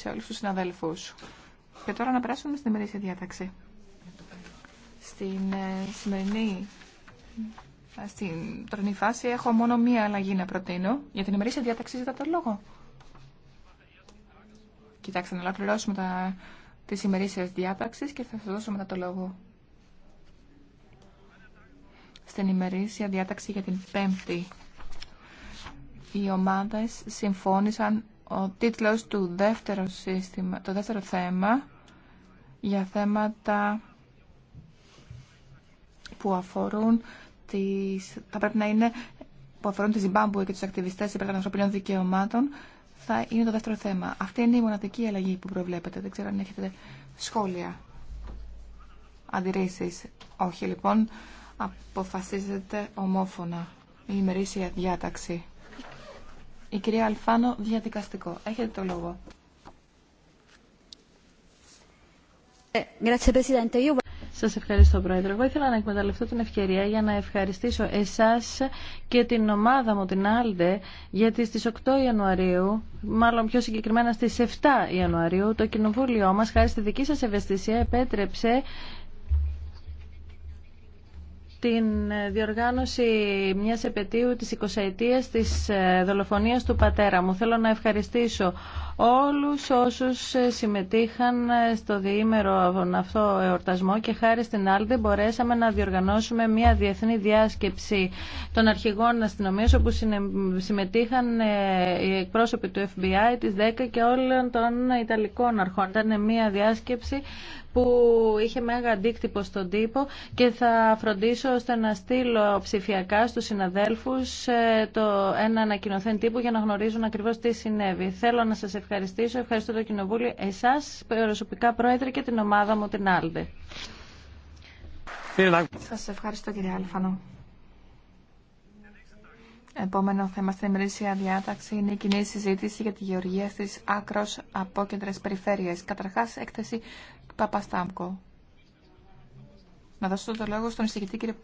σε όλους τους συναδέλφους. Και τώρα να περάσουμε στην ημερήσια διάταξη. Στην ε, σημερινή, ε, στην τωρινή φάση έχω μόνο μία αλλαγή να προτείνω. Για την ημερήσια διάταξη ζητά το λόγο. Κοιτάξτε, να ολοκληρώσουμε τα, τις ημερήσιες διάταξης και θα σας δώσω το λόγο. Στην ημερήσια διάταξη για την πέμπτη οι ομάδες συμφώνησαν ο τίτλος του δεύτερου σύστημα, το δεύτερο θέμα για θέματα που αφορούν τις, θα πρέπει να είναι που αφορούν τη Ζιμπάμπουε και τους ακτιβιστές υπέρ των ανθρωπινών δικαιωμάτων θα είναι το δεύτερο θέμα. Αυτή είναι η μοναδική αλλαγή που προβλέπετε. Δεν ξέρω αν έχετε σχόλια, αντιρρήσεις. Όχι λοιπόν, αποφασίζεται ομόφωνα η ημερήσια διάταξη. Η κυρία Αλφάνο, διαδικαστικό. Έχετε το λόγο. Σα ευχαριστώ Πρόεδρε. Εγώ ήθελα να εκμεταλλευτώ την ευκαιρία για να ευχαριστήσω εσά και την ομάδα μου, την Άλντε, γιατί στι 8 Ιανουαρίου, μάλλον πιο συγκεκριμένα στι 7 Ιανουαρίου, το κοινοβούλιο μα χάρη στη δική σα ευαισθησία, επέτρεψε την διοργάνωση μιας επαιτίου της 20 ετίας της ε, δολοφονίας του πατέρα μου. Θέλω να ευχαριστήσω όλους όσους ε, συμμετείχαν ε, στο διήμερο αυτό εορτασμό και χάρη στην Άλδη μπορέσαμε να διοργανώσουμε μια διεθνή διάσκεψη των αρχηγών αστυνομία όπου συμμετείχαν οι εκπρόσωποι του FBI, της 10 και όλων των Ιταλικών αρχών. Ήταν μια διάσκεψη που είχε μέγα αντίκτυπο στον τύπο και θα φροντίσω ώστε να στείλω ψηφιακά στους συναδέλφους ε, το, ένα ανακοινωθέν τύπου για να γνωρίζουν ακριβώς τι συνέβη. Θέλω να σας ευχαριστήσω. Ευχαριστώ το Κοινοβούλιο, εσάς προσωπικά Πρόεδρε και την ομάδα μου, την Άλντε. Σας ευχαριστώ κύριε Αλφανό. Επόμενο θέμα στην ημερήσια διάταξη είναι η κοινή συζήτηση για τη γεωργία στις άκρος απόκεντρες περιφέρειες. Καταρχάς, έκθεση Παπαστάμκο. Να δώσω το λόγο στον εισηγητή κύριε